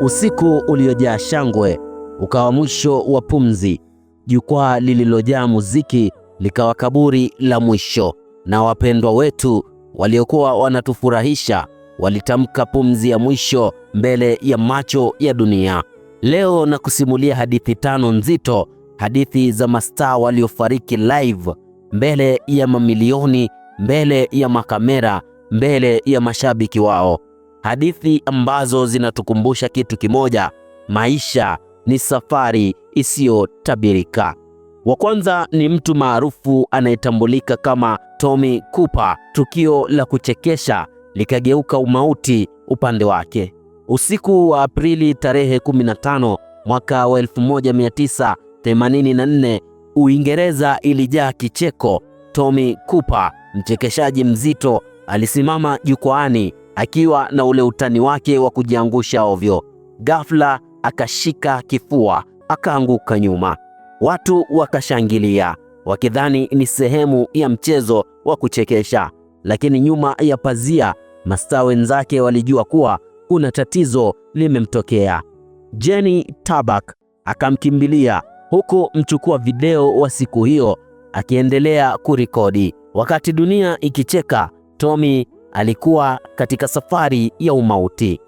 Usiku uliojaa shangwe ukawa mwisho wa pumzi. Jukwaa lililojaa muziki likawa kaburi la mwisho, na wapendwa wetu waliokuwa wanatufurahisha walitamka pumzi ya mwisho mbele ya macho ya dunia. Leo na kusimulia hadithi tano nzito, hadithi za mastaa waliofariki live mbele ya mamilioni, mbele ya makamera, mbele ya mashabiki wao hadithi ambazo zinatukumbusha kitu kimoja: maisha ni safari isiyotabirika. Wa kwanza ni mtu maarufu anayetambulika kama Tommy Cooper. Tukio la kuchekesha likageuka umauti upande wake. Usiku wa Aprili tarehe 15 mwaka wa 1984 Uingereza ilijaa kicheko. Tommy Cooper, mchekeshaji mzito, alisimama jukwaani akiwa na ule utani wake wa kujiangusha ovyo. Ghafla akashika kifua, akaanguka nyuma. Watu wakashangilia wakidhani ni sehemu ya mchezo wa kuchekesha, lakini nyuma ya pazia mastaa wenzake walijua kuwa kuna tatizo limemtokea. Jenny Tabak akamkimbilia huku mchukua video wa siku hiyo akiendelea kurekodi. Wakati dunia ikicheka, Tommy alikuwa katika safari ya umauti.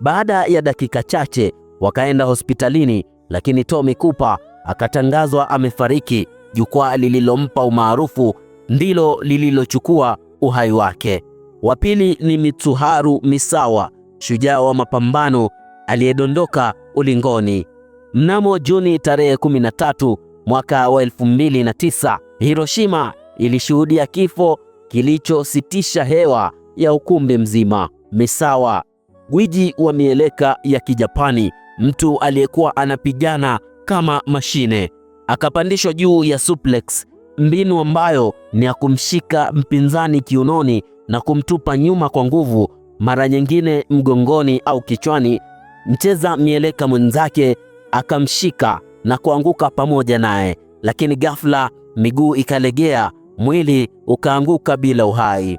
Baada ya dakika chache wakaenda hospitalini, lakini Tommy Cooper akatangazwa amefariki. Jukwaa lililompa umaarufu ndilo lililochukua uhai wake. Wa pili ni Mitsuharu Misawa, shujaa wa mapambano aliyedondoka ulingoni. Mnamo Juni tarehe 13 mwaka wa 2009, Hiroshima ilishuhudia kifo kilichositisha hewa ya ukumbi mzima. Misawa, gwiji wa mieleka ya Kijapani, mtu aliyekuwa anapigana kama mashine, akapandishwa juu ya suplex, mbinu ambayo ni ya kumshika mpinzani kiunoni na kumtupa nyuma kwa nguvu, mara nyingine mgongoni au kichwani. Mcheza mieleka mwenzake akamshika na kuanguka pamoja naye, lakini ghafla miguu ikalegea, mwili ukaanguka bila uhai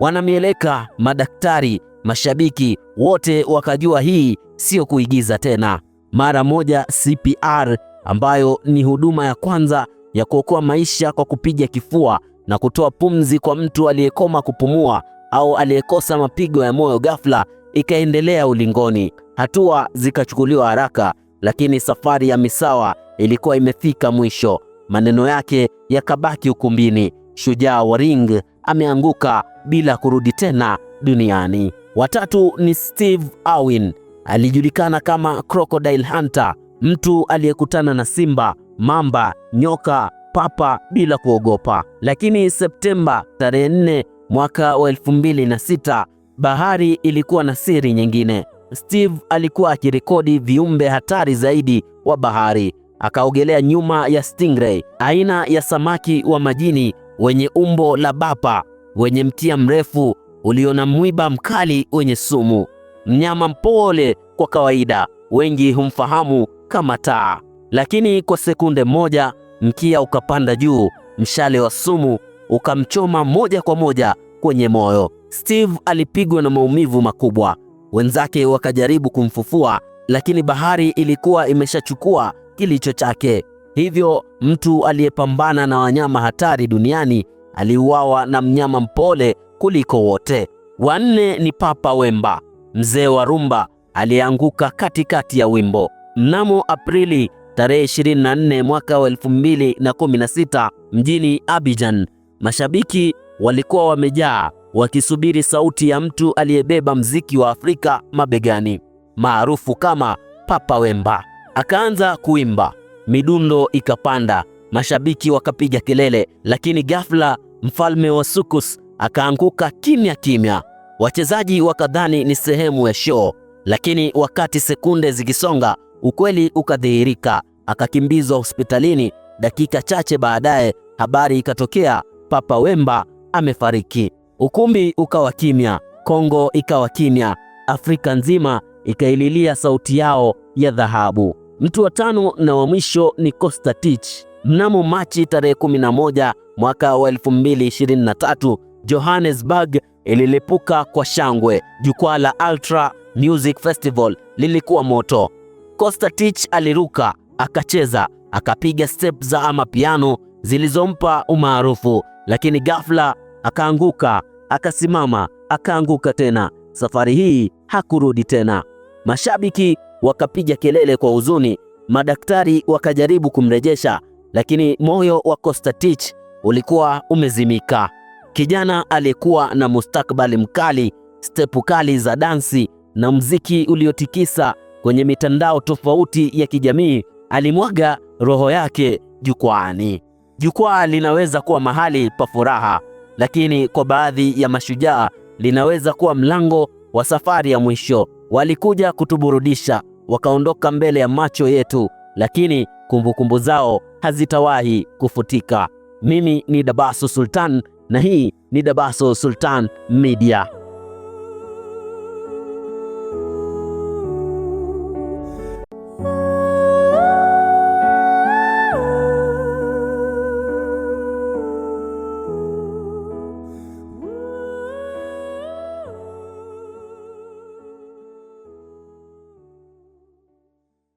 wanamieleka, madaktari, mashabiki wote wakajua hii sio kuigiza tena. Mara moja CPR ambayo ni huduma ya kwanza ya kuokoa maisha kwa kupiga kifua na kutoa pumzi kwa mtu aliyekoma kupumua au aliyekosa mapigo ya moyo ghafla ikaendelea ulingoni. Hatua zikachukuliwa haraka, lakini safari ya Misawa ilikuwa imefika mwisho. Maneno yake yakabaki ukumbini. Shujaa wa ring ameanguka bila kurudi tena duniani. Watatu ni Steve Irwin, alijulikana kama Crocodile Hunter, mtu aliyekutana na simba, mamba, nyoka, papa bila kuogopa. Lakini Septemba tarehe 4 mwaka wa 2006, bahari ilikuwa na siri nyingine. Steve alikuwa akirekodi viumbe hatari zaidi wa bahari. Akaogelea nyuma ya stingray, aina ya samaki wa majini wenye umbo la bapa, wenye mkia mrefu ulio na mwiba mkali wenye sumu, mnyama mpole kwa kawaida, wengi humfahamu kama taa. Lakini kwa sekunde moja mkia ukapanda juu, mshale wa sumu ukamchoma moja kwa moja kwenye moyo. Steve alipigwa na maumivu makubwa. Wenzake wakajaribu kumfufua, lakini bahari ilikuwa imeshachukua kilicho chake. Hivyo mtu aliyepambana na wanyama hatari duniani aliuawa na mnyama mpole kuliko wote. Wanne ni Papa Wemba, mzee wa rumba aliyeanguka katikati ya wimbo. Mnamo Aprili tarehe 24 mwaka wa 2016 mjini Abidjan, mashabiki walikuwa wamejaa wakisubiri sauti ya mtu aliyebeba mziki wa Afrika mabegani, maarufu kama Papa Wemba. Akaanza kuimba midundo ikapanda, mashabiki wakapiga kelele, lakini ghafla mfalme wa Sukus akaanguka kimya kimya. Wachezaji wakadhani ni sehemu ya show, lakini wakati sekunde zikisonga, ukweli ukadhihirika. Akakimbizwa hospitalini. Dakika chache baadaye, habari ikatokea, Papa Wemba amefariki. Ukumbi ukawa kimya, Kongo ikawa kimya, Afrika nzima ikaililia sauti yao ya dhahabu. Mtu wa tano na wa mwisho ni costa Kostatich. Mnamo Machi tarehe 11 mwaka wa 2023, Johannesburg ililipuka kwa shangwe. Jukwaa la Ultra Music Festival lilikuwa moto. costa Kostatich aliruka, akacheza, akapiga step za amapiano zilizompa umaarufu, lakini ghafla akaanguka, akasimama, akaanguka tena. Safari hii hakurudi tena. Mashabiki wakapiga kelele kwa huzuni. Madaktari wakajaribu kumrejesha, lakini moyo wa Kostatich ulikuwa umezimika. Kijana aliyekuwa na mustakbali mkali, stepu kali za dansi na mziki uliotikisa kwenye mitandao tofauti ya kijamii alimwaga roho yake jukwaani. Jukwaa linaweza kuwa mahali pa furaha, lakini kwa baadhi ya mashujaa linaweza kuwa mlango wa safari ya mwisho. Walikuja kutuburudisha, wakaondoka mbele ya macho yetu, lakini kumbukumbu kumbu zao hazitawahi kufutika. Mimi ni Dabaso Sultan na hii ni Dabaso Sultan Media.